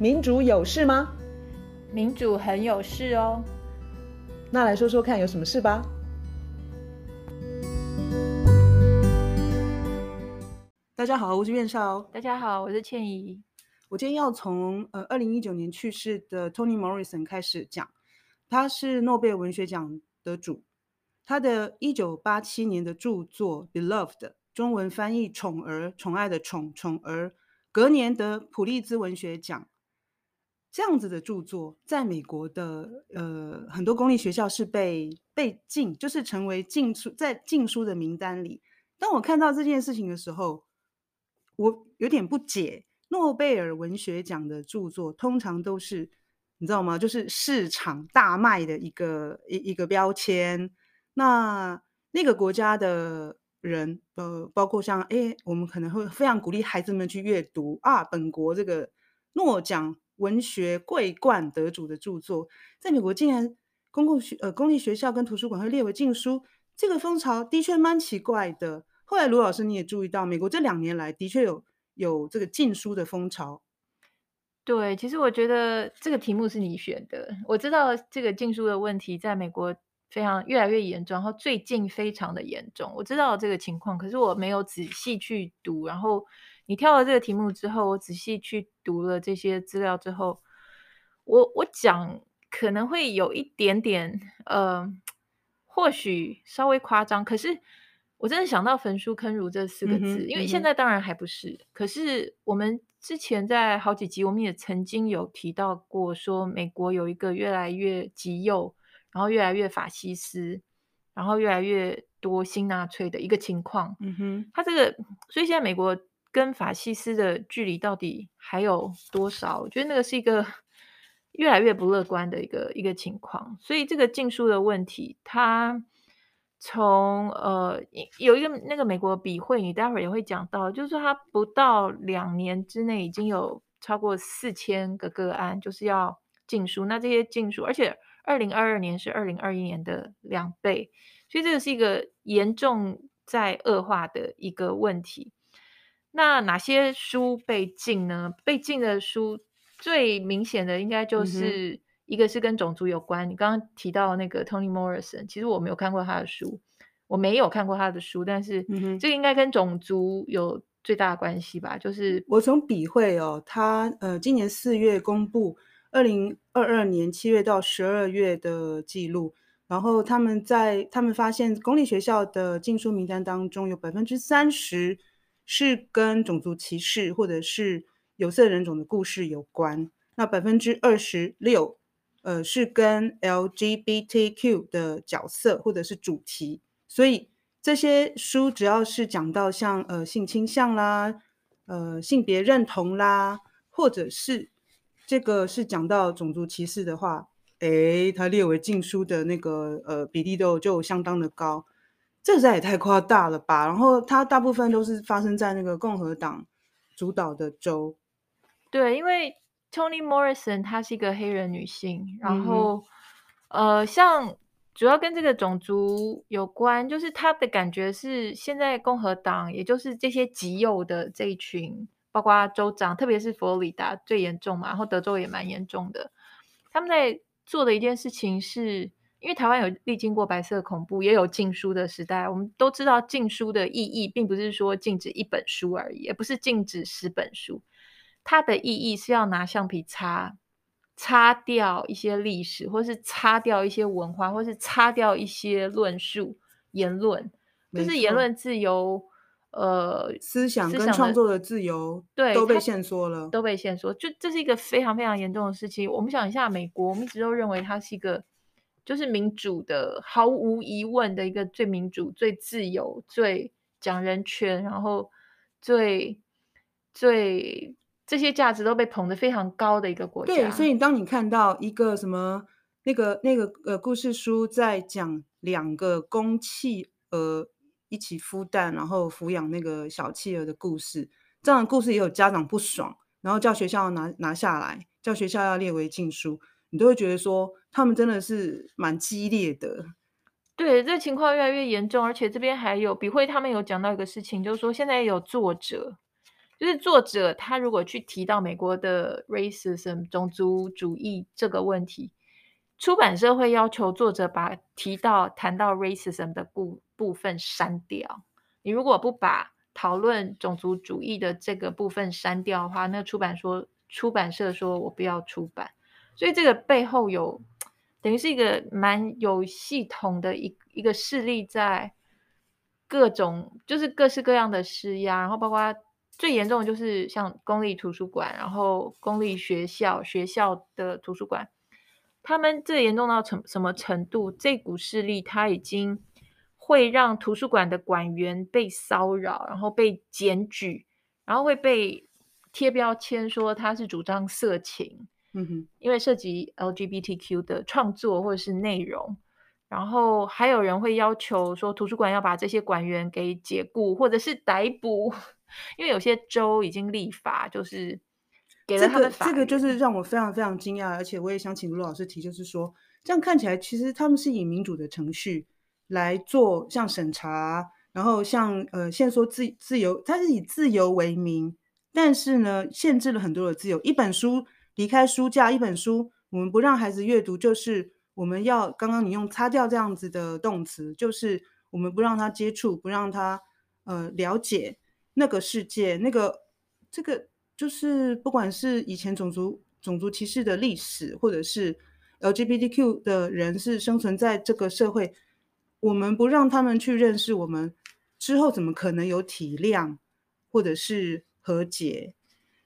民主有事嗎？民主很有事哦。那來說說看，有什麼事吧？大家好，我是苑少。大家好，我是倩怡。我今天要從呃二零一九年去世的 Toni Morrison 開始講。他是諾貝爾文學獎得主。他的一九八七年的著作《Beloved》中文翻譯《寵兒》《寵愛》的寵寵兒，隔年得普利茲文學獎。這樣子的著作，在美國的呃很多公立學校是被被禁，就是成為禁書，在禁書的名單裡。當我看到這件事情的時候，我有點不解。諾貝爾文學獎的著作通常都是你知道嗎？就是市場大賣的一個一一個標籤。那那個國家的人，呃，包括像哎、欸，我們可能會非常鼓勵孩子們去閱讀啊，本國這個諾獎。文學桂冠得主的著作，在美國竟然公共學，呃，公立學校跟圖書館會列為禁書，這個風潮的確蠻奇怪的。後來盧老師你也注意到，美國這兩年來的確有有這個禁書的風潮。對，其實我覺得這個題目是你選的。我知道這個禁書的問題在美國非常越來越嚴重，然後最近非常的嚴重。我知道這個情況，可是我沒有仔細去讀，然後。你挑了這個題目之後，我仔細去讀了這些資料之後，我我講可能會有一點點呃，或許稍微誇張，可是我真的想到“焚書坑儒”這四個字，嗯嗯、因為現在當然還不是。可是我們之前在好幾集，我們也曾經有提到過，說美國有一個越來越極右，然後越來越法西斯，然後越來越多新納粹的一個情況。嗯哼，它這個，所以現在美國。跟法西斯的距離到底還有多少？我覺得那個是一個越來越不樂觀的一個一個情況。所以這個禁書的問題，它從呃有一個那個美國筆會，你待會兒也會講到，就是說它不到兩年之內已經有超過四千個個案就是要禁書，那這些禁書，而且二零二二年是二零二一年的兩倍，所以這個是一個嚴重在惡化的一個問題。那哪些書被禁呢？被禁的書最明顯的應該就是一個是跟種族有關。嗯、哼你剛剛提到那個 Toni Morrison，其實我沒有看過他的書，我沒有看過他的書，但是這個應該跟種族有最大的關係吧？就是我從筆會哦，他呃，今年四月公布二零二二年七月到十二月的記錄，然後他們在他們發現公立學校的禁書名單當中有百分之三十。是跟種族歧視或者是有色人種的故事有關。那百分之二十六，呃，是跟 LGBTQ 的角色或者是主題。所以這些書只要是講到像呃性傾向啦，呃性別認同啦，或者是這個是講到種族歧視的話，誒，它列為禁書的那個呃比例都就相當的高。這實在也太誇大了吧！然後它大部分都是發生在那個共和黨主導的州。對，因為 Toni Morrison 她是一個黑人女性，然後、嗯、哼呃，像主要跟這個種族有關，就是她的感覺是，現在共和黨也就是這些極右的這一群，包括州長，特別是佛羅里達最嚴重嘛，然後德州也蠻嚴重的。他們在做的一件事情是，因為台灣有歷經過白色恐怖，也有禁書的時代。我們都知道禁書的意義，並不是說禁止一本書而已，也不是禁止十本書。它的意義是要拿橡皮擦擦掉一些歷史，或是擦掉一些文化，或是擦掉一些論述言論。沒錯。就是言論自由，呃，思想跟創作的自由，對，都被限縮了，都被限縮。就這是一個非常非常嚴重的事情。我們想一下，美國，我們一直都認為它是一個。就是民主的，毫無疑問的一個最民主、最自由、最講人權，然後最最這些價值都被捧得非常高的一個國家。對，所以當你看到一個什麼那個那個呃故事書在講兩個公企鵝一起孵蛋，然後撫養那個小企鵝的故事，這樣的故事也有家長不爽，然後叫學校拿拿下來，叫學校要列為禁書。你都會覺得說他們真的是蠻激烈的，對，這情況越來越嚴重，而且這邊還有筆會，比他們有講到一個事情，就是說現在有作者，就是作者他如果去提到美國的 racism 種族主義這個問題，出版社會要求作者把提到談到 racism 的部部分刪掉。你如果不把討論種族主義的這個部分刪掉的話，那出版社說出版社說我不要出版。所以這個背後有，等於是一個蠻有系統的一一個勢力，在各種就是各式各樣的施壓，然後包括最嚴重的就是像公立圖書館，然後公立學校學校的圖書館，他們最嚴重到什麼程度？這股勢力他已經會讓圖書館的館員被騷擾，然後被檢舉，然後會被貼標籤說他是主張色情。嗯哼，因為涉及 LGBTQ 的創作或者是內容，然後還有人會要求說，圖書館要把這些館員給解雇或者是逮捕，因為有些州已經立法，就是給了他們法，這個這個就是讓我非常非常驚訝，而且我也想請盧老師提，就是說這樣看起來其實他們是以民主的程序來做像審查，然後像呃現在說自自由，它是以自由為名，但是呢限制了很多的自由，一本書。離開書架，一本書，我們不讓孩子閱讀，就是我們要剛剛你用擦掉這樣子的動詞，就是我們不讓他接觸，不讓他呃了解那個世界，那個這個就是不管是以前種族種族歧視的歷史，或者是 LGBTQ 的人是生存在這個社會，我們不讓他們去認識，我們之後怎麼可能有體諒或者是和解？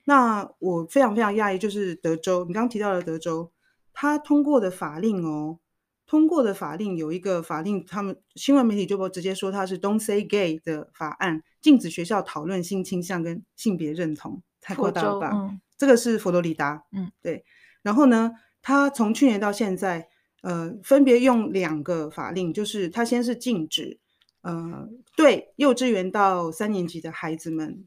那我非常非常訝異，就是德州，你剛剛提到了德州，他通過的法令哦，通過的法令有一個法令，他們新聞媒體就不直接說它是 “Don't Say Gay” 的法案，禁止學校討論性傾向跟性別認同。佛州，吧、嗯、這個是佛羅里達，嗯，對。然後呢，他從去年到現在，呃，分別用兩個法令，就是他先是禁止，呃，嗯、對幼稚園到三年級的孩子們。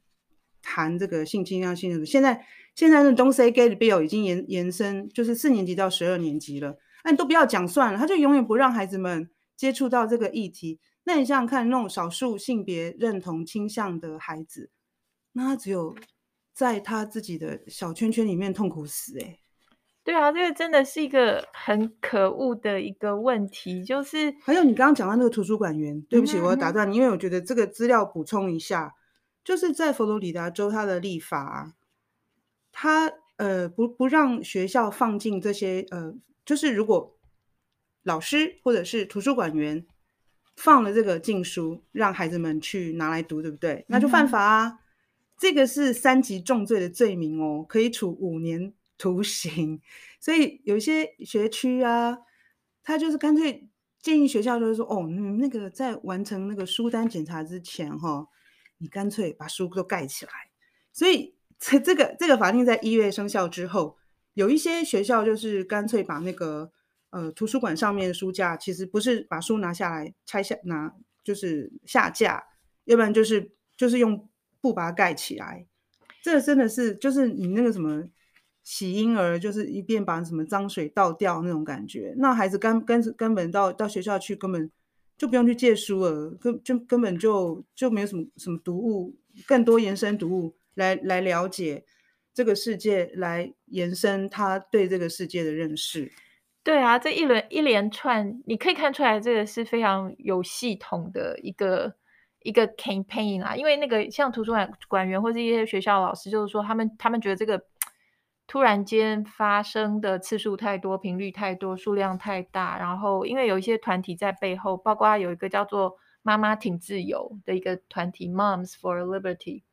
含這個性傾向性的、性現在現在那 Don't Say Gay Bill 已經延延伸，就是四年級到十二年級了。那、啊、都不要講算了，他就永遠不讓孩子們接觸到這個議題。那你想想看，那種少數性別認同傾向的孩子，那他只有在他自己的小圈圈裡面痛苦死、欸。哎，對啊，這個真的是一個很可惡的一個問題，就是還有你剛剛講到那個圖書館員，嗯、對不起，我要打斷你，嗯、因為我覺得這個資料補充一下。就是在佛羅里達州，它的立法啊，它呃不不讓學校放進這些呃，就是如果老師或者是圖書館員放了這個禁書，讓孩子們去拿來讀，對不對？那就犯法啊！Mm hmm. 這個是三級重罪的罪名哦，可以處五年徒刑。所以有些學區啊，他就是乾脆建議學校就是說，哦，那個在完成那個書單檢查之前，哈。你乾脆把書都蓋起來，所以這這個這個法令在一月生效之後，有一些學校就是乾脆把那個呃圖書館上面的書架，其實不是把書拿下來拆下拿，就是下架，要不然就是就是用布把它蓋起來。這真的是就是你那個什麼洗嬰兒，就是一遍把什麼髒水倒掉那種感覺，那孩子根根根本到到學校去根本，就不用去借書了，根就根本就就沒有什麼什麼讀物，更多延伸讀物來來了解這個世界，來延伸他對這個世界的認識。對啊，這一輪一連串，你可以看出來，這個是非常有系統的一個一個 campaign 啊，因為那個像圖書館館員或是一些學校老師，就是說他們他們覺得這個。突然間發生的次數太多，頻率太多，數量太大。然後，因為有一些團體在背後，包括有一個叫做“媽媽挺自由”的一個團體 （Moms for Liberty），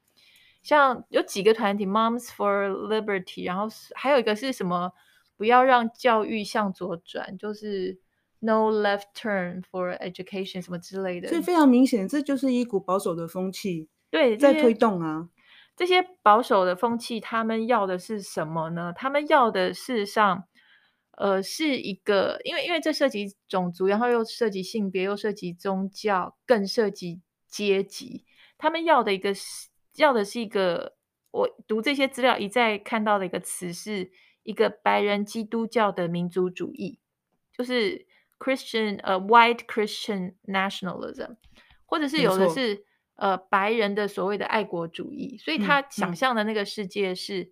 像有幾個團體 （Moms for Liberty），然後還有一個是什麼？不要讓教育向左轉，就是 “No Left Turn for Education” 什麼之類的。所以非常明顯，這就是一股保守的風氣，對，在推動啊。這些保守的風氣，他們要的是什麼呢？他們要的事實上，呃，是一個，因為因為這涉及種族，然後又涉及性別，又涉及宗教，更涉及階級。他們要的一個是，要的是一個，我讀這些資料一再看到的一個詞，是一個白人基督教的民族主義，就是 Christian，呃，uh，White Christian Nationalism，或者是有的是。呃，白人的所謂的愛國主義，所以他想象的那個世界是，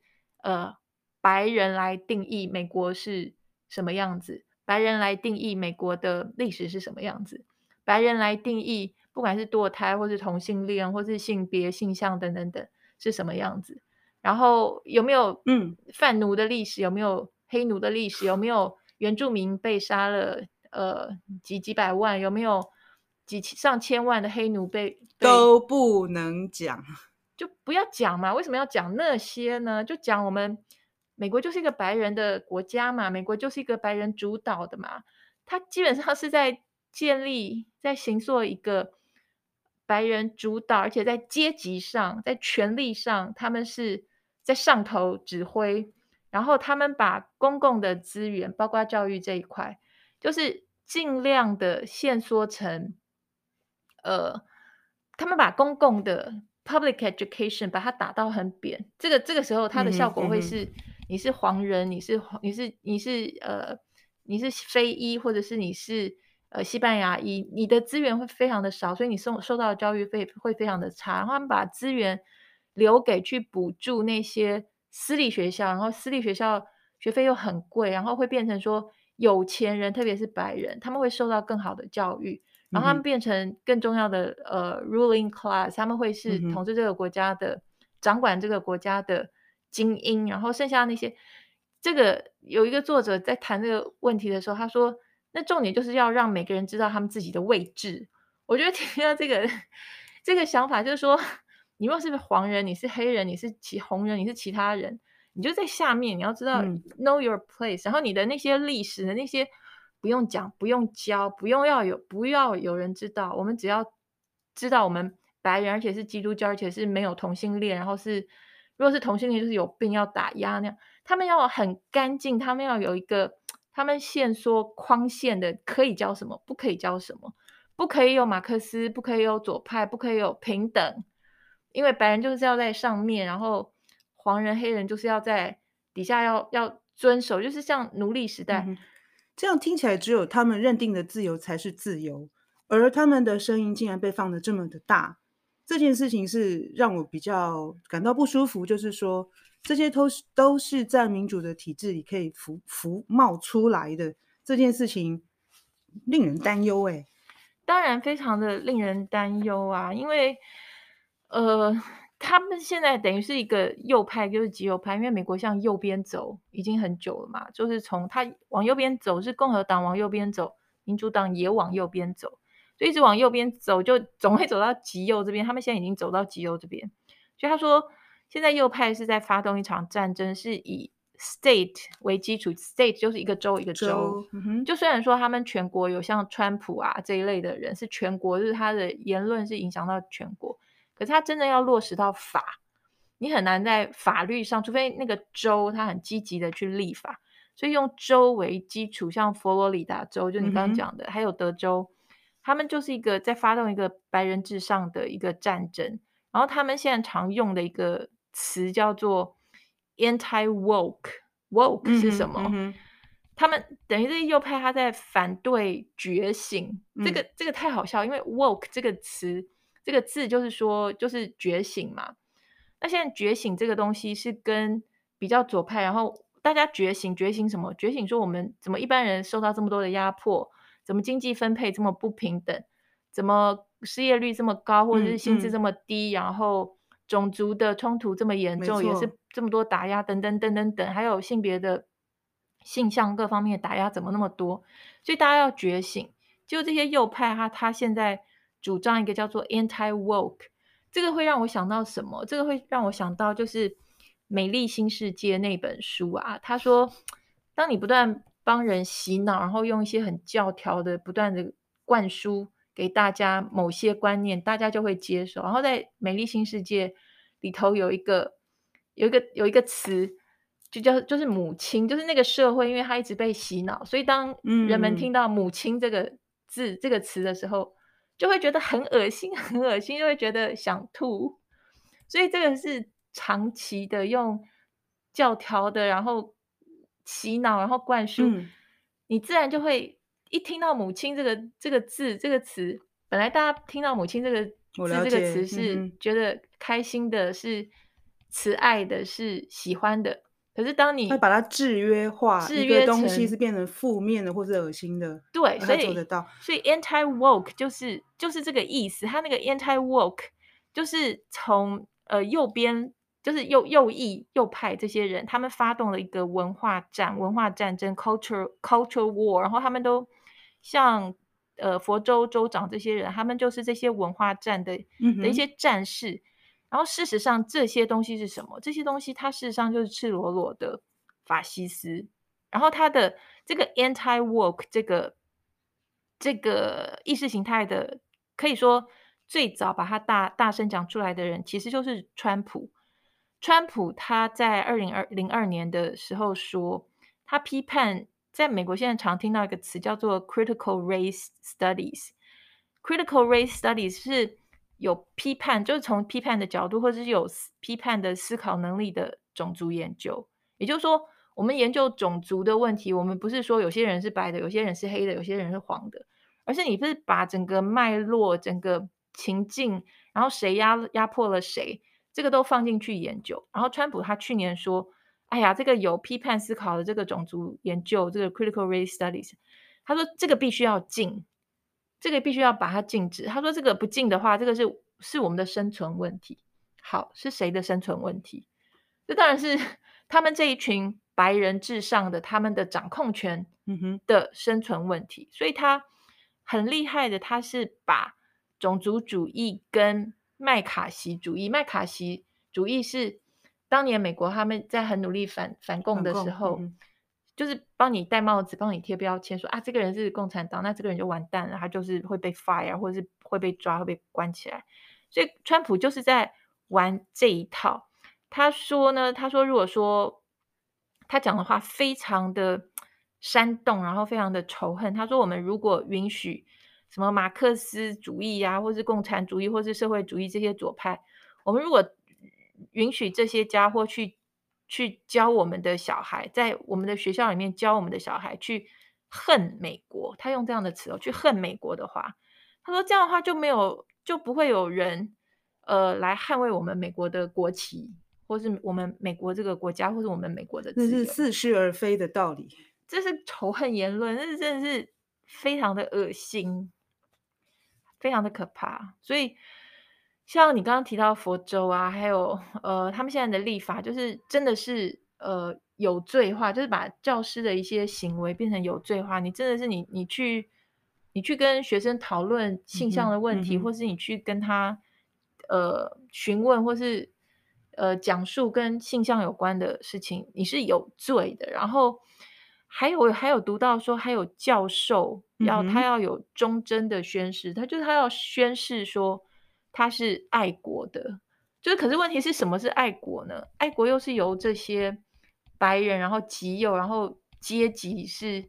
嗯嗯、呃，白人來定義美國是什麼樣子，白人來定義美國的歷史是什麼樣子，白人來定義不管是墮胎或是同性戀或是性別性向等等等是什麼樣子，然後有沒有嗯販奴的歷史，有沒有黑奴的歷史，有沒有原住民被殺了呃幾幾百萬，有沒有？幾上千萬的黑奴被,被都不能講，就不要講嘛？為什麼要講那些呢？就講我們美國就是一個白人的國家嘛，美國就是一個白人主導的嘛。他基本上是在建立，在行做一個白人主導，而且在階級上，在權力上，他們是在上頭指揮，然後他們把公共的資源，包括教育這一塊，就是尽量的限縮成。呃，他們把公共的 public education 把它打到很扁，這個這個時候它的效果會是，你是黃人，嗯嗯嗯，你是你是你是呃，你是非裔，或者是你是呃西班牙裔，你的資源會非常的少，所以你受受到的教育費會非常的差。然後他們把資源留給去補助那些私立學校，然後私立學校學費又很貴，然後會變成說有錢人，特別是白人，他們會受到更好的教育。然後他們變成更重要的、嗯、哼呃 ruling class，他們會是統治這個國家的、嗯、哼掌管這個國家的精英。然後剩下那些，這個有一個作者在談這個問題的時候，他說：“那重點就是要讓每個人知道他們自己的位置。”我覺得聽到這個這個想法，就是說，你問是不是黃人，你是黑人，你是其紅人，你是其他人，你就在下面，你要知道、嗯、know your place，然後你的那些歷史的那些。不用講，不用教，不用要有，不要有人知道。我們只要知道，我們白人，而且是基督教，而且是沒有同性戀。然後是，如果是同性戀，就是有病要打壓那樣。他們要很乾淨，他們要有一個他們限縮框限的，可以教什麼，不可以教什麼，不可以有馬克思，不可以有左派，不可以有平等，因為白人就是要在上面，然後黃人、黑人就是要在底下要，要要遵守，就是像奴隸時代。嗯這樣聽起來，只有他們認定的自由才是自由，而他們的聲音竟然被放得這麼的大，這件事情是讓我比較感到不舒服。就是說，這些都是都是在民主的體制裡可以浮浮冒出來的，這件事情令人擔憂，欸。誒當然非常的令人擔憂啊，因為，呃。他們現在等於是一個右派，就是極右派，因為美國向右邊走已經很久了嘛，就是從他往右邊走，是共和黨往右邊走，民主黨也往右邊走，所以一直往右邊走，就總會走到極右這邊。他們現在已經走到極右這邊，所以他說，現在右派是在發動一場戰爭，是以 state 為基礎，state 就是一個州一個州。州。嗯哼，就雖然說他們全國有像川普啊這一類的人，是全國，就是他的言論是影響到全國。可是他真的要落實到法，你很難在法律上，除非那個州他很積極的去立法。所以用州為基礎，像佛羅里達州，就你剛剛講的，嗯、哼還有德州，他們就是一個在發動一個白人至上的一個戰爭。然後他們現在常用的一個詞叫做 anti woke，woke 是什麼？嗯嗯、他們等於是右派，他在反對覺醒。嗯、這個這個太好笑，因為 woke 這個詞。這個字就是說，就是覺醒嘛。那現在覺醒這個東西是跟比較左派，然後大家覺醒，覺醒什麼？覺醒說我們怎麼一般人受到這麼多的壓迫？怎麼經濟分配這麼不平等？怎麼失業率這麼高，或者是薪資這麼低？嗯嗯、然後種族的衝突這麼嚴重，沒錯。也是這麼多打壓等等等等等，還有性別的性向各方面的打壓怎麼那麼多？所以大家要覺醒。就這些右派哈，他現在。主張一個叫做 anti-woke，這個會讓我想到什麼？這個會讓我想到就是《美麗新世界》那本書啊。他說，當你不斷幫人洗腦，然後用一些很教條的不斷的灌輸給大家某些觀念，大家就會接受。然後在《美麗新世界》裡頭有一個有一個有一個詞，就叫就是母親，就是那個社會，因為他一直被洗腦，所以當人們聽到“母親”這個字、嗯、這個詞的時候。就會覺得很惡心，很惡心，就會覺得想吐。所以這個是長期的用教條的，然後洗腦，然後灌輸，嗯、你自然就會一聽到“母親”這個這個字、這個詞，本來大家聽到“母親”這個字、這個詞是覺得開心的，嗯嗯，是慈愛的，是喜歡的。可是當你會把它制約化，一個東西是變成負面的或者惡心的，對，他做得到。所以 anti woke 就是就是這個意思。他那個 anti woke 就是從呃右邊，就是右右翼右派這些人，他們發動了一個文化戰、文化戰爭 （culture culture war），然後他們都像呃佛州州長這些人，他們就是這些文化戰的、嗯、哼的一些戰士。然後事實上這些東西是什麼？這些東西它事實上就是赤裸裸的法西斯。然後它的這個 anti-woke 這個這個意識形態的，可以說最早把它大大聲講出來的人其實就是川普。川普他在二零二零二年的時候說，他批判在美國現在常聽到一個詞叫做 critical race studies。critical race studies 是。有批判，就是從批判的角度，或者是有批判的思考能力的種族研究。也就是說，我們研究種族的問題，我們不是說有些人是白的，有些人是黑的，有些人是黃的，而是你不是把整個脈絡、整個情境，然後誰壓壓迫了誰，這個都放進去研究。然後川普他去年說：“哎呀，這個有批判思考的這個種族研究，這個 Critical Race Studies，他說這個必須要禁。”這個必須要把它禁止。他說：“這個不禁的話，這個是是我們的生存問題。好，是誰的生存問題？這當然是他們這一群白人至上的他們的掌控權的生存問題。嗯哼。所以他很厲害的，他是把種族主義跟麥卡錫主義。麥卡錫主義是當年美國他們在很努力反反共的時候。”嗯就是幫你戴帽子，幫你貼標籤，說啊，這個人是共產黨，那這個人就完蛋了，他就是會被 fire 或者是會被抓，會被關起來。所以川普就是在玩這一套。他說呢，他說如果說他講的話非常的煽動，然後非常的仇恨，他說我們如果允許什麼馬克思主義啊，或是共產主義，或是社會主義這些左派，我們如果允許這些家伙去。去教我們的小孩，在我們的學校裡面教我們的小孩去恨美國。他用這樣的詞哦，去恨美國的話，他說這樣的話就沒有，就不會有人呃來捍衛我們美國的國旗，或是我們美國這個國家，或是我們美國的。這是似是而非的道理，這是仇恨言論，這真的是非常的噁心，非常的可怕，所以。像你剛剛提到佛州啊，還有呃，他們現在的立法就是真的是呃有罪化，就是把教師的一些行為變成有罪化。你真的是你你去你去跟學生討論性向的問題，嗯嗯、或是你去跟他呃詢問，或是呃講述跟性向有關的事情，你是有罪的。然後還有還有讀到說，還有教授要、嗯、哼他要有忠貞的宣誓，他就是他要宣誓說。他是愛國的，就是，可是問題是什麼是愛國呢？愛國又是由這些白人，然後極右，然後階級是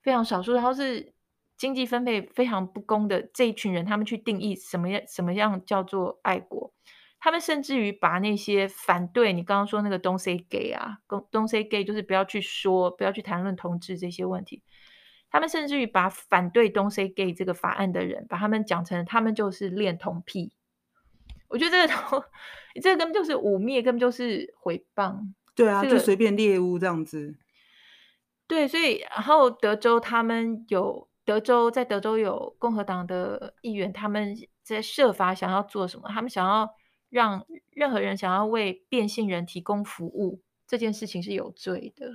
非常少數，然後是經濟分配非常不公的這一群人，他們去定義什麼樣什麼樣叫做愛國。他們甚至於把那些反對你剛剛說那個 “don't say gay” 啊，東 don't say gay” 就是不要去說，不要去談論同志這些問題。他們甚至於把反對 Don't say gay 這個法案的人，把他們講成他們就是戀童癖。我覺得這個，這個、根本就是污蔑，根本就是毀謗。對啊，這個、就隨便獵巫這樣子。對，所以然後德州他們有德州在德州有共和黨的議員，他們在設法想要做什麼？他們想要讓任何人想要為變性人提供服務，這件事情是有罪的。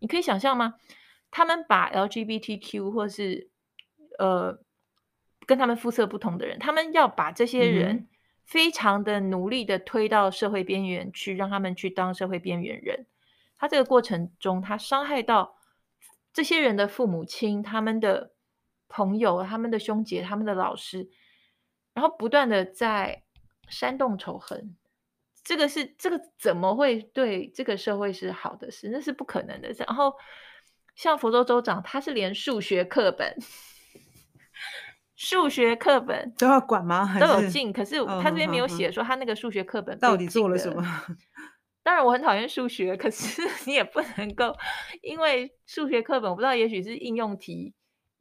你可以想象嗎？他們把 LGBTQ 或是呃跟他們膚色不同的人，他們要把這些人非常的努力的推到社會邊緣去，嗯、讓他們去當社會邊緣人。他這個過程中，他傷害到這些人的父母親、他們的朋友、他們的兄姐、他們的老師，然後不斷的在煽動仇恨。這個是這個怎麼會對這個社會是好的事？那是不可能的。然後。像佛州州長，他是連數學課本、數學課本都要管嗎？都有禁，可是他這邊沒有寫說他那個數學課本到底做了什麼。當然，我很討厭數學，可是你也不能夠因為數學課本，我不知道，也許是應用題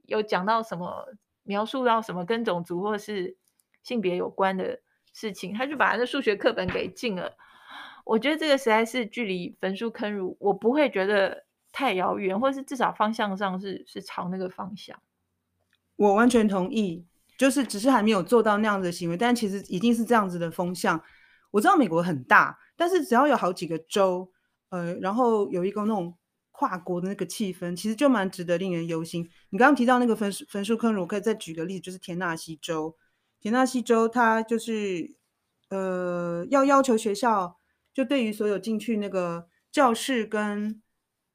有講到什麼，描述到什麼跟種族或是性別有關的事情，他就把那數學課本給禁了。我覺得這個實在是距離焚書坑儒，我不會覺得。太遙遠，或是至少方向上是是朝那個方向。我完全同意，就是只是還沒有做到那樣的行為，但其實一定是這樣子的風向。我知道美國很大，但是只要有好幾個州，呃，然後有一個那種跨國的那個氣氛，其實就蠻值得令人憂心。你剛剛提到那個焚焚書坑儒，我可以再舉個例子，就是田納西州。田納西州它就是呃，要要求學校就對於所有進去那個教室跟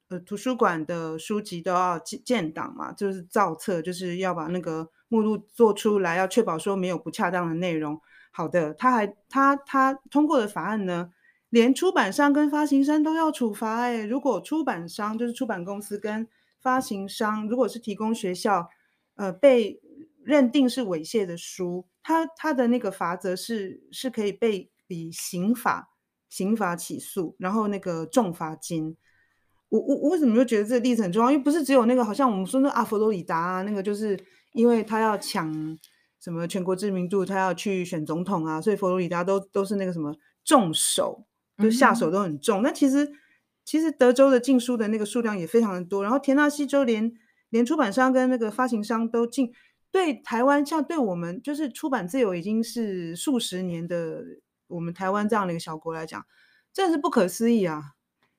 呃，圖書館的書籍都要建建檔嘛，就是造冊，就是要把那個目錄做出來，要確保說沒有不恰當的內容。好的，他還他他，他通過的法案呢，連出版商跟發行商都要處罰，欸。哎，如果出版商就是出版公司跟發行商，如果是提供學校呃被認定是猥褻的書，他他的那個罰則是是可以被以刑法刑法起訴，然後那個重罰金。我我為什麼就覺得這個例子很重要？因為不是只有那個，好像我們說那阿、個啊、佛羅里達啊，那個就是因為他要搶什麼全國知名度，他要去選總統啊，所以佛羅里達都都是那個什麼重手，就下手都很重。那、嗯、哼其實其實德州的禁書的那個數量也非常的多，然後田納西州連連出版商跟那個發行商都禁。對台灣像對我們就是出版自由已經是數十年的，我們台灣這樣的一個小國來講，真的是不可思議啊！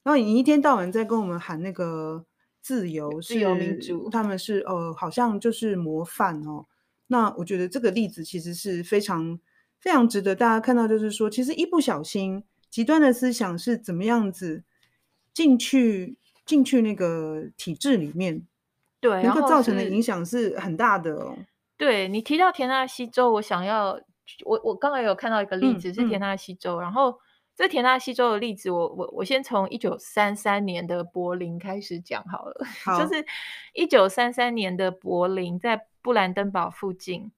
然後你一天到晚在跟我們喊那個自由、自由民主，他們是呃，好像就是模範哦。那我覺得這個例子其實是非常、非常值得大家看到，就是說，其實一不小心，極端的思想是怎麼樣子進去、進去那個體制裡面，對，然後造成的影響是很大的、哦。對，你提到田納西州，我想要，我我剛才有看到一個例子、嗯、是田納西州，嗯、然後。這田納西州的例子，我我我先從一九三三年的柏林開始講好了。好 就是一九三三年的柏林，在布蘭登堡附近，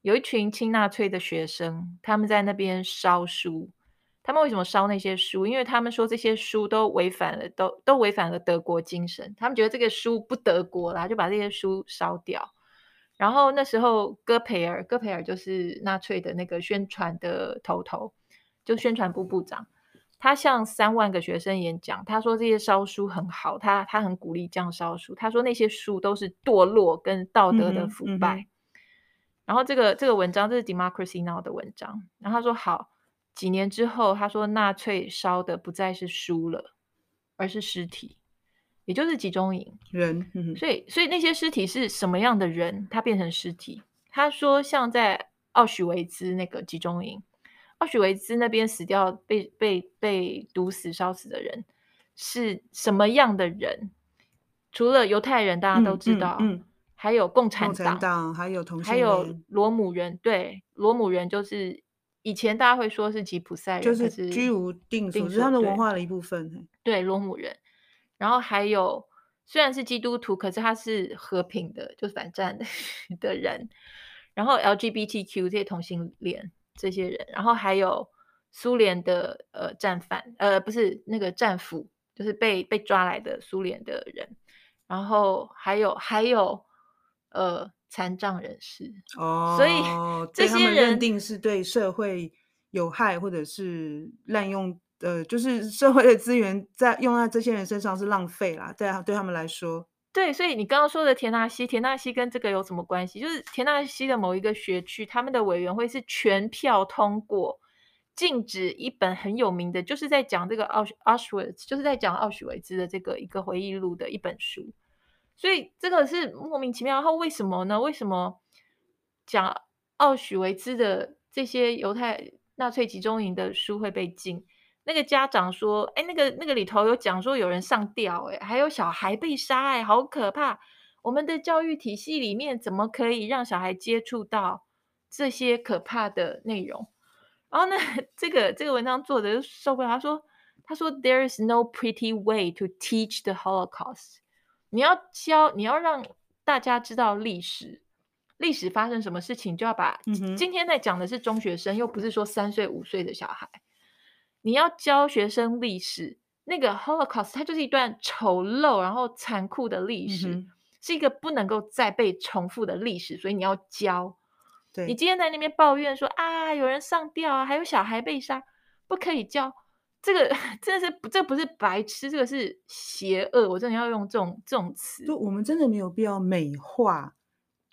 有一群親納粹的學生，他們在那邊燒書。他們為什麼燒那些書？因為他們說這些書都違反了，都都違反了德國精神。他們覺得這個書不德國啦，就把這些書燒掉。然後那時候戈培爾，戈培爾就是納粹的那個宣傳的頭頭。就宣傳部部長，他向三萬個學生演講，他說這些燒書很好，他他很鼓勵這樣燒書。他說那些書都是墮落跟道德的腐敗。嗯嗯嗯，然後這個這個文章，這是《Democracy Now》的文章。然後他說好，好幾年之後，他說納粹燒的不再是書了，而是屍體，也就是集中營人。嗯嗯，所以所以那些屍體是什麼樣的人？他變成屍體。他說像在奧許維茲那個集中營。奧許維茲那邊死掉，被被被毒死、燒死的人是什麼樣的人？除了猶太人，大家都知道，嗯，嗯嗯還有共產黨，還有同性戀，還有羅姆人，對，羅姆人就是以前大家會說是吉普賽人，就是居無定所，是，定是他的文化的一部分。對羅姆人，然後還有雖然是基督徒，可是他是和平的，就是反戰的的人。然後 LGBTQ 這些同性戀。這些人，然後還有蘇聯的呃戰犯，呃，呃不是那個戰俘，就是被被抓來的蘇聯的人，然後還有還有呃殘障人士哦，所以這些人他們認定是對社會有害，或者是濫用的，呃，就是社會的資源在用在這些人身上是浪費了，在對，對他們來說。對，所以你剛剛說的田納西，田納西跟這個有什麼關係？就是田納西的某一個學區，他們的委員會是全票通過禁止一本很有名的，就是在講這個奧阿什斯維，就是在講奧許維茲的這個一個回憶錄的一本書。所以這個是莫名其妙，然後為什麼呢？為什麼講奧許維茲的這些猶太納粹集中營的書會被禁？那個家長說：“哎，那個那個裡頭有講說有人上吊、欸，哎，還有小孩被殺、欸，哎，好可怕！我們的教育體系裡面怎麼可以讓小孩接觸到這些可怕的內容？”然後，呢，這個這個文章作者就受不了，他說：“他說 There is no pretty way to teach the Holocaust。你要教，你要讓大家知道歷史，歷史發生什麼事情，就要把、嗯、哼今天在講的是中學生，又不是說三歲五歲的小孩。”你要教學生歷史，那個 Holocaust 它就是一段醜陋然後殘酷的歷史，嗯、哼是一個不能夠再被重複的歷史，所以你要教。對你今天在那邊抱怨說啊，有人上吊啊，還有小孩被殺，不可以教。這個真的是這個、不是白痴，這個是邪惡。我真的要用這種這種詞。就我們真的沒有必要美化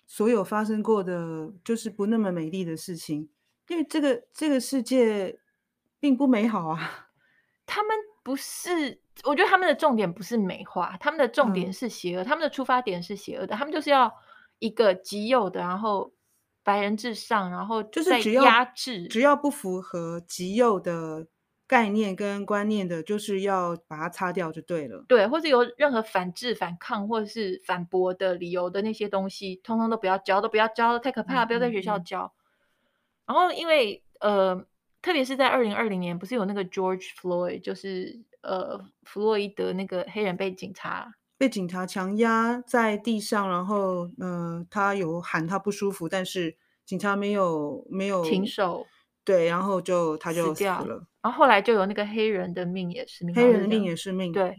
所有發生過的，就是不那麼美麗的事情，因為這個這個世界。並不美好啊！他們不是，我覺得他們的重點不是美化，他們的重點是邪惡，嗯、他們的出發點是邪惡的。他們就是要一個極右的，然後白人至上，然後就是只要壓制，只要不符合極右的概念跟觀念的，就是要把它擦掉就對了。對，或者有任何反制、反抗或者是反駁的理由的那些東西，通通都不要教，都不要教，太可怕了，不要在學校教。嗯、然後因為呃。特別是在二零二零年，不是有那個 George Floyd，就是呃弗洛伊德，那個黑人被警察被警察強壓在地上，然後呃他有喊他不舒服，但是警察沒有沒有停手，對，然後就他就死了死掉，然後後來就有那個黑人的命也是命，黑人的命也是命，對，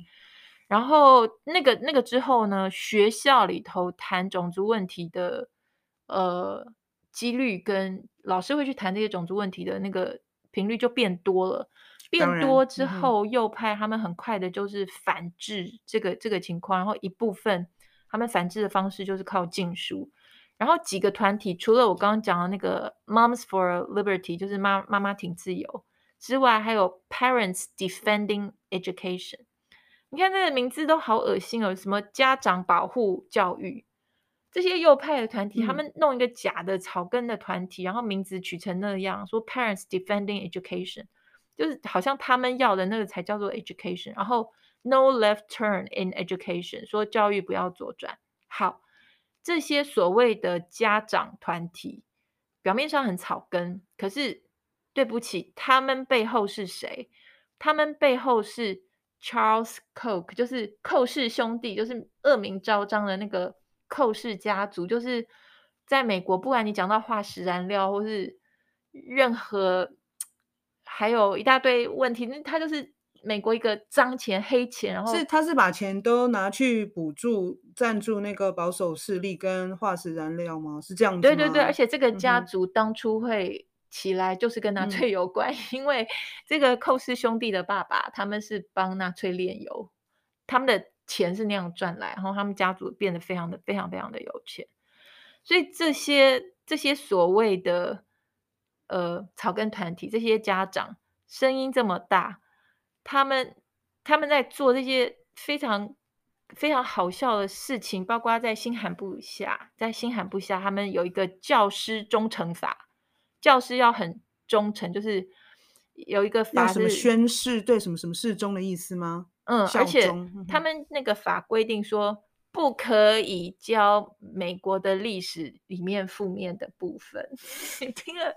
然後那個那個之後呢，學校裡頭談種族問題的呃幾率跟老師會去談這些種族問題的那個。頻率就變多了，變多之後，右派他們很快的就是反制這個、嗯、這個情況，然後一部分他們反制的方式就是靠禁書，然後幾個團體除了我剛剛講的那個 Moms for Liberty，就是媽媽媽挺自由之外，還有 Parents Defending Education，你看這個名字都好惡心哦，什麼家長保護教育。這些右派的團體，他們弄一個假的草根的團體，嗯、然後名字取成那樣，說 Parents Defending Education，就是好像他們要的那個才叫做 Education。然後 No Left Turn in Education，說教育不要左轉。好，這些所謂的家長團體，表面上很草根，可是對不起，他們背後是誰？他們背後是 Charles Koch，就是寇氏兄弟，就是惡名昭彰的那個。寇氏家族就是在美國，不管你講到化石燃料或是任何，還有一大堆問題，那他就是美國一個髒錢、黑錢，然後是他是把錢都拿去補助、贊助那個保守勢力跟化石燃料嗎？是這樣子？對對對，而且這個家族當初會起來就是跟納粹有關，嗯哼。因為這個寇氏兄弟的爸爸他們是幫納粹煉油，他們的。錢是那樣賺來，然後他們家族變得非常的、非常、非常的有錢。所以這些這些所謂的呃草根團體，這些家長聲音這麼大，他們他們在做這些非常非常好笑的事情，包括在新罕布夏，在新罕布夏他們有一個教師忠誠法，教師要很忠誠，就是有一個法，什麼宣誓對什麼什麼事忠的意思嗎？嗯，而且他們那個法規定說，不可以教美國的歷史裡面負面的部分。 你聽了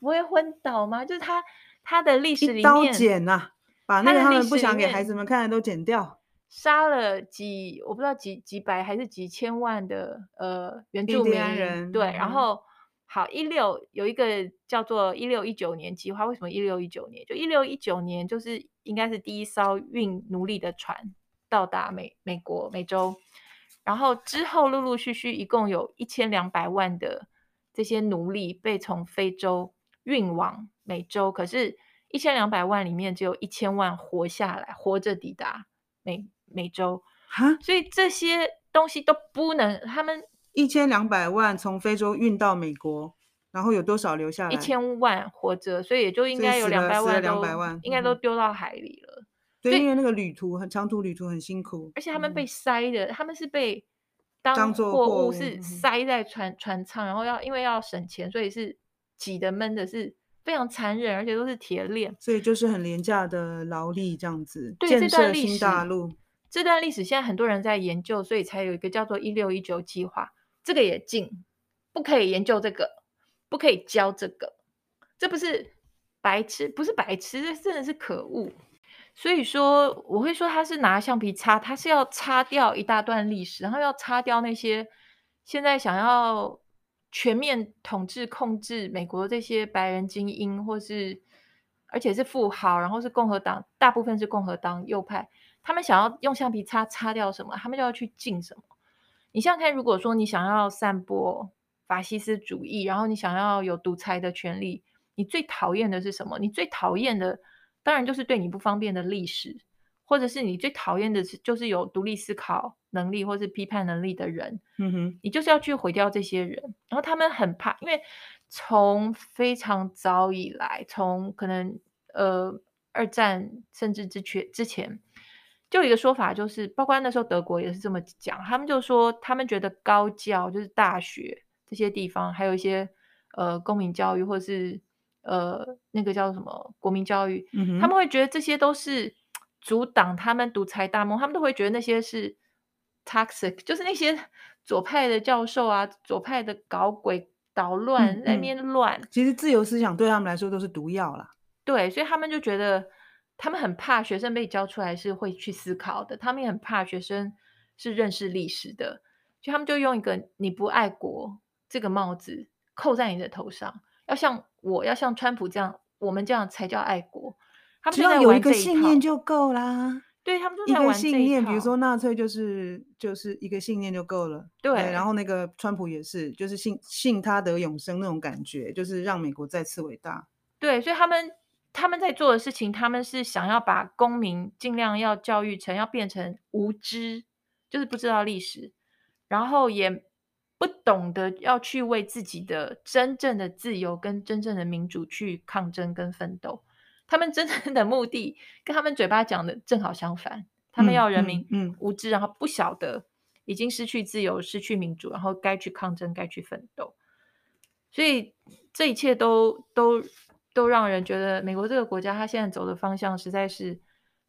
不會昏倒嗎？就是他他的歷史裡面一刀剪吶、啊，把那個他們不想給孩子們看的都剪掉，殺了幾我不知道幾幾百還是幾千萬的呃原住民人，對，然後。嗯好，一六，有一個叫做一六一九年計劃，為什麼一六一九年？就一六一九年，就是應該是第一艘運奴隸的船到達美美國美洲。然後之後陸陸續續，一共有一千兩百萬的這些奴隸被從非洲運往美洲，可是，一千兩百萬裡面只有一千萬活下來，活着抵達美美洲。所以這些東西都不能他們。一千兩百萬從非洲運到美國，然後有多少留下來？一千萬活着，所以也就應該有兩百萬應該都丟到海裡了。對，所以因為那個旅途很長途，旅途很辛苦，而且他們被塞的，嗯、他們是被當做貨物是塞在船船艙，嗯、然後要因為要省錢，所以是擠的悶的是，是非常殘忍，而且都是鐵鏈，所以就是很廉價的勞力這樣子。對，建設新大陸這段歷史，這段歷史現在很多人在研究，所以才有一個叫做“一六一九計劃”。這個也禁，不可以研究這個，不可以教這個，這不是白痴，不是白痴，這真的是可惡。所以說，我會說他是拿橡皮擦，他是要擦掉一大段歷史，然後要擦掉那些現在想要全面統治、控制美國這些白人精英，或是而且是富豪，然後是共和黨，大部分是共和黨右派，他們想要用橡皮擦擦掉什麼，他們就要去禁什麼。你像他，如果說你想要散播法西斯主義，然後你想要有獨裁的權力，你最討厭的是什麼？你最討厭的，當然就是對你不方便的歷史，或者是你最討厭的是，就是有獨立思考能力或是批判能力的人。嗯哼，你就是要去毀掉這些人，然後他們很怕，因為從非常早以來，從可能呃二戰甚至之前之前。就有一個說法，就是包括那時候德國也是這麼講，他們就說他們覺得高教就是大學這些地方，還有一些呃公民教育或者是呃那個叫什麼國民教育，嗯、哼他們會覺得這些都是阻擋他們獨裁大夢，他們都會覺得那些是 toxic，就是那些左派的教授啊，左派的搞鬼搗亂、嗯嗯、在那邊亂，其實自由思想對他們來說都是毒藥啦。對，所以他們就覺得。他們很怕學生被教出來是會去思考的，他們也很怕學生是認識歷史的，就他們就用一個“你不愛國”這個帽子扣在你的頭上，要像我，要像川普這樣，我們這樣才叫愛國。他們現在玩這一套，只要有一個信念就夠啦，對，他們就在玩這一套，一個信念，比如說納粹就是就是一個信念就夠了，對。然後那個川普也是，就是信信他得永生那種感覺，就是讓美國再次偉大。對，所以他們。他們在做的事情，他們是想要把公民盡量要教育成要變成無知，就是不知道歷史，然後也不懂得要去為自己的真正的自由跟真正的民主去抗爭跟奮鬥。他們真正的目的跟他們嘴巴講的正好相反，他們要人民嗯無知，然後不曉得已經失去自由、失去民主，然後該去抗爭、該去奮鬥。所以這一切都都。就讓人覺得美國這個國家，它現在走的方向實在是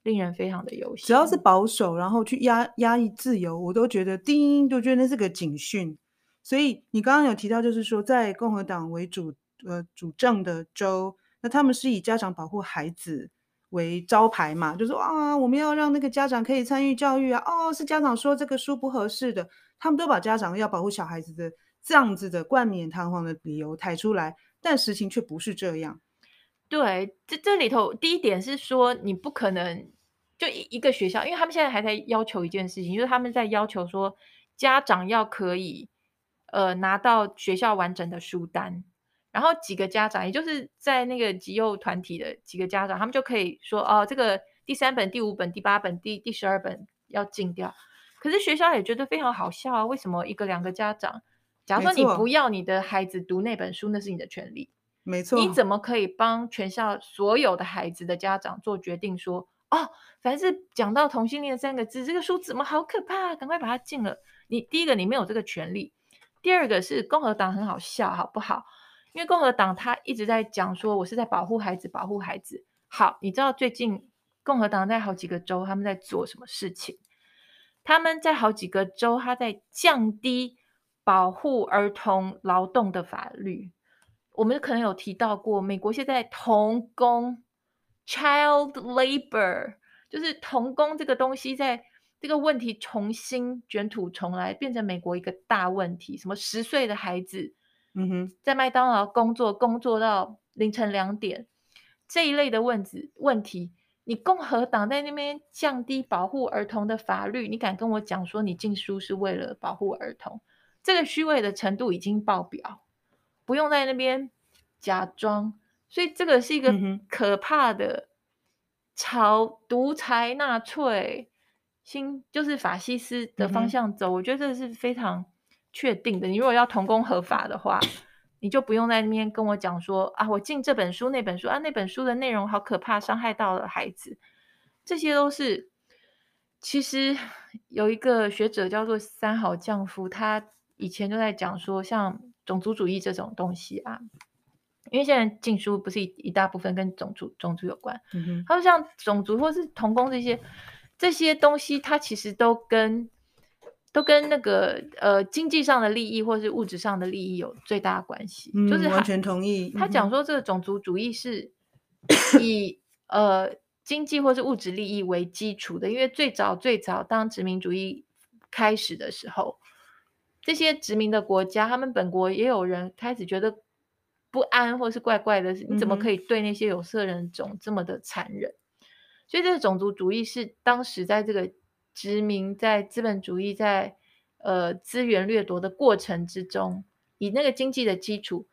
令人非常的憂心。只要是保守，然後去壓壓抑自由，我都覺得，第一，就覺得那是個警訊。所以你剛剛有提到，就是說在共和黨為主呃主政的州，那他們是以家長保護孩子為招牌嘛，就是說，啊，我們要讓那個家長可以參與教育啊，哦，是家長說這個書不合適的，他們都把家長要保護小孩子的這樣子的冠冕堂皇的理由抬出來，但實情卻不是這樣。對，這這裡頭第一點是說，你不可能就一一個學校，因為他們現在還在要求一件事情，就是他們在要求說，家長要可以，呃，拿到學校完整的書單，然後幾個家長，也就是在那個極右團體的幾個家長，他們就可以說，哦，這個第三本、第五本、第八本、第第十二本要禁掉，可是學校也覺得非常好笑啊，為什麼一個兩個家長，假如說你不要你的孩子讀那本書，錯那是你的權利。沒錯，你怎麼可以幫全校所有的孩子的家長做決定說？說哦，凡是講到同性戀三個字，這個書怎麼好可怕？趕快把它禁了！你第一個，你沒有這個權利；第二個是共和黨很好笑，好不好？因為共和黨他一直在講說，我是在保護孩子，保護孩子。好，你知道最近共和黨在好幾個州他們在做什麼事情？他們在好幾個州，他在降低保護兒童勞動的法律。我們可能有提到過，美國現在童工 （child labor） 就是童工這個東西，在這個問題重新卷土重來，變成美國一個大問題。什麼十歲的孩子，嗯哼，在麥當勞工作，工作到凌晨兩點，這一類的問題問題，你共和黨在那邊降低保護兒童的法律，你敢跟我講說你禁書是為了保護兒童？這個虛偽的程度已經爆表。不用在那邊假裝，所以這個是一個可怕的、嗯、哼朝獨裁、納粹、新就是法西斯的方向走。嗯、哼我覺得這是非常確定的。你如果要同工合法的話，你就不用在那邊跟我講說啊，我禁這本書、那本書啊，那本書的內容好可怕，傷害到了孩子，這些都是。其實有一個學者叫做三好將夫，他以前就在講說，像。種族主義這種東西啊，因為現在禁書不是一一大部分，跟種族種族有關，嗯、哼他說像種族或是童工這些這些東西，它其實都跟都跟那個呃經濟上的利益或是物質上的利益有最大關係，嗯、就是完全同意。他講說這個種族主義是以、嗯、哼呃經濟或是物質利益為基礎的，因為最早最早當殖民主義開始的時候。這些殖民的國家，他們本國也有人開始覺得不安，或是怪怪的，嗯哼。你怎麼可以對那些有色人種這麼的殘忍？所以，這個種族主義是當時在這個殖民、在資本主義、在呃資源掠奪的過程之中，以那個經濟的基礎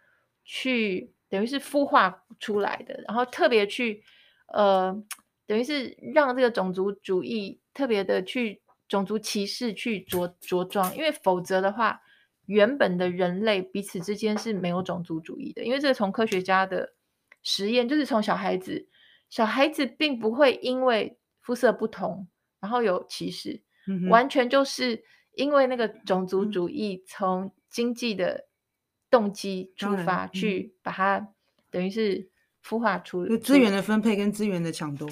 去等於是孵化出來的，然後特別去呃等於是讓這個種族主義特別的去。種族歧視去着着裝，因為否則的話，原本的人類彼此之間是沒有種族主義的，因為這個從科學家的實驗，就是從小孩子，小孩子並不會因為膚色不同然後有歧視，嗯、哼完全就是因為那個種族主義從經濟的動機出發去把它等於是孵化出資源的分配跟資源的搶奪。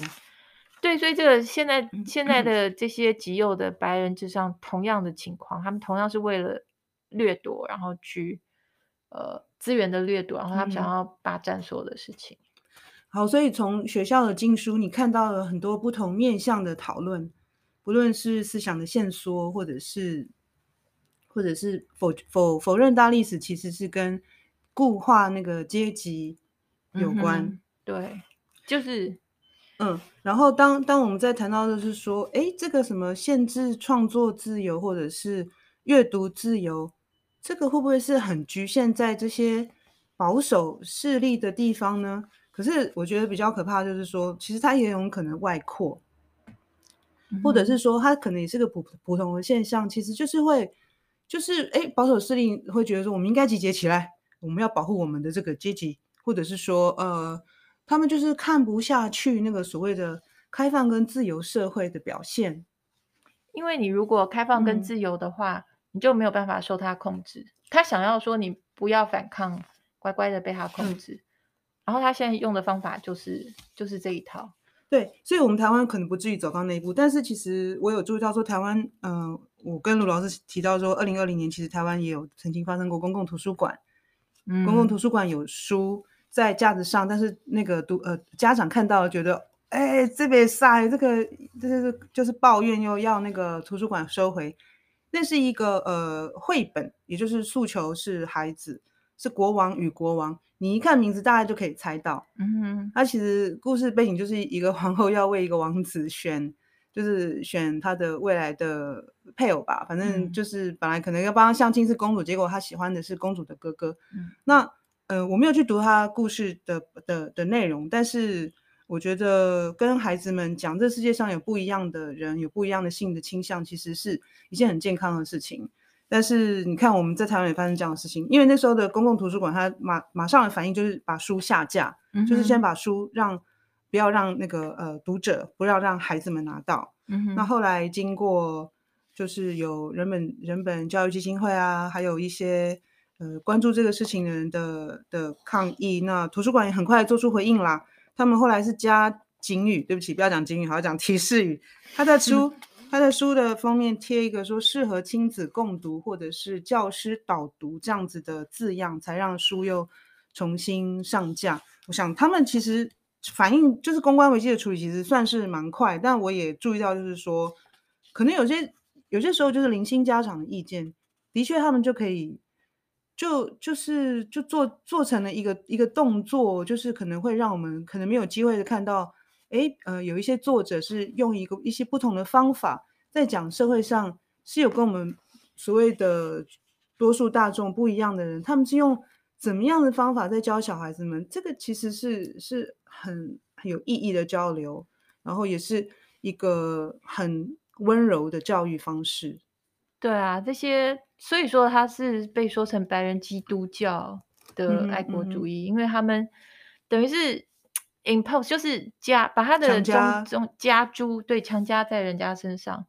所以，所以這個現在現在的這些極右的白人至上、嗯嗯、同樣的情況，他們同樣是為了掠奪，然後去呃資源的掠奪，然後他們想要霸佔所有的事情。好，所以從學校的禁書，你看到了很多不同面向的討論，不論是思想的限縮，或者是或者是否否否認大歷史，其實是跟固化那個階級有關。嗯、對，就是。嗯，然後當當我們在談到的是說，哎，這個什麼限制創作自由或者是閱讀自由，這個會不會是很局限在這些保守勢力的地方呢？可是我覺得比較可怕就是說，其實它也有可能外擴，或者是說它可能也是個普普通的現象，其實就是會，就是哎，保守勢力會覺得說，我們應該集結起來，我們要保護我們的這個階級，或者是說，呃。他們就是看不下去那個所謂的開放跟自由社會的表現，因為你如果開放跟自由的話，嗯、你就沒有辦法受他控制。他想要說你不要反抗，乖乖的被他控制。嗯、然後他現在用的方法就是就是這一套。對，所以我們台灣可能不至於走到那一步，但是其實我有注意到說台灣，嗯、呃，我跟盧老師提到說，二零二零年其實台灣也有曾經發生過公共圖書館，公共圖書館有書。嗯在架子上，但是那個讀呃家長看到了，覺得哎、欸、這邊塞這個，這就是就是抱怨又要那個圖書館收回，那是一個呃繪本，也就是訴求是孩子是國王與國王，你一看名字大概就可以猜到，嗯哼，他其實故事背景就是一個皇后要為一個王子選，就是選他的未來的配偶吧，反正就是本來可能要幫他相親是公主，嗯、結果他喜歡的是公主的哥哥，嗯、那。呃，我沒有去讀他故事的的的內容，但是我覺得跟孩子們講這世界上有不一樣的人，有不一樣的性的傾向，其實是一件很健康的事情。但是你看我們在台灣也發生這樣的事情，因為那時候的公共圖書館，他馬馬上的反應就是把書下架，嗯哼。就是先把書讓不要讓那個呃讀者不要讓孩子們拿到。嗯哼。那後來經過就是有人本人本教育基金會啊，還有一些。呃，關注這個事情的人的的抗議，那圖書館也很快做出回應啦。他們後來是加警語，對不起，不要講警語，好，要講提示語。他在書，嗯、他在書的封面貼一個說適合親子共讀或者是教師導讀這樣子的字樣，才讓書又重新上架。我想他們其實反應就是公關危機的處理，其實算是蠻快。但我也注意到，就是說可能有些有些時候就是零星家長的意見，的確他們就可以。就就是就做做成了一個一個動作，就是可能會讓我們可能沒有機會的看到，誒，呃，有一些作者是用一個一些不同的方法在講社會上是有跟我們所謂的多數大眾不一樣的人，他們是用怎麼樣的方法在教小孩子們，這個其實是是很很有意義的交流，然後也是一個很溫柔的教育方式。對啊，這些所以說他是被說成白人基督教的愛國主義，嗯嗯嗯、因為他們等於是 impose 就是加把他的種加種,種加諸，對強加在人家身上，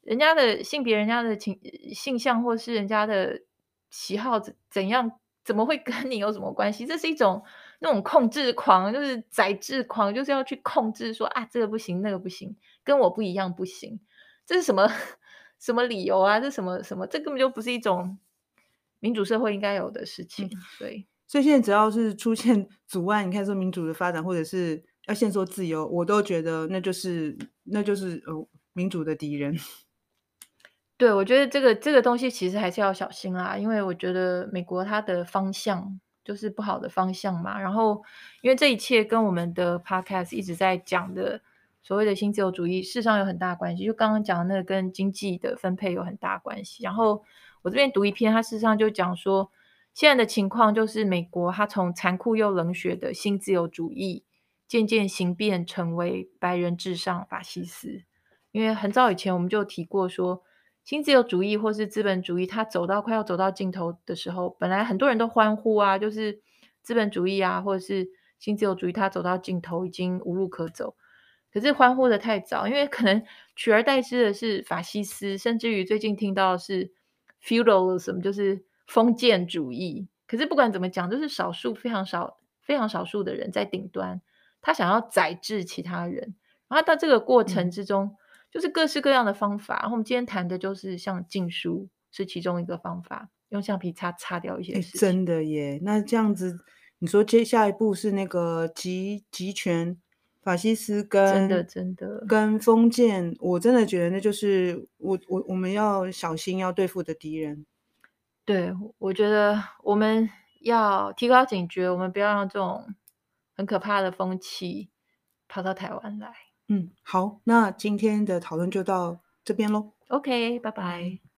人家的性別人家的情性向或是人家的喜好怎怎樣怎麼會跟你有什麼關係？這是一種那種控制狂，就是宰制狂，就是要去控制說啊這個不行那個不行，跟我不一樣不行，這是什麼？什麼理由啊？這什麼什麼？這根本就不是一種民主社會應該有的事情。所以、嗯，對所以現在只要是出現阻礙，你看說民主的發展，或者是要限縮自由，我都覺得那就是那就是呃、哦、民主的敵人。對，我覺得這個這個東西其實還是要小心啦，因為我覺得美國它的方向就是不好的方向嘛。然後，因為這一切跟我們的 Podcast 一直在講的。所謂的新自由主義，事實上有很大關係。就剛剛講的那個，跟經濟的分配有很大關係。然後我這邊讀一篇，它事實上就講說，現在的情況就是美國，它從殘酷又冷血的新自由主義，漸漸形變成為白人至上法西斯。因為很早以前我們就提過說，說新自由主義或是資本主義，它走到快要走到盡頭的時候，本來很多人都歡呼啊，就是資本主義啊，或者是新自由主義，它走到盡頭已經無路可走。可是歡呼得太早，因為可能取而代之的是法西斯，甚至於最近聽到的是 feudalism，就是封建主義。可是不管怎麼講，就是少數非常少、非常少數的人在頂端，他想要宰制其他人。然後到這個過程之中，嗯、就是各式各樣的方法。然後我們今天談的就是像禁書，是其中一個方法，用橡皮擦擦掉一些、欸。真的耶，那這樣子，你說接下一步是那個集集權？法西斯跟真的真的跟封建，我真的覺得那就是我我我們要小心要對付的敵人。對，我覺得我們要提高警覺，我們不要讓這種很可怕的風氣跑到台灣來。嗯，好，那今天的討論就到這邊嘍。OK，拜拜。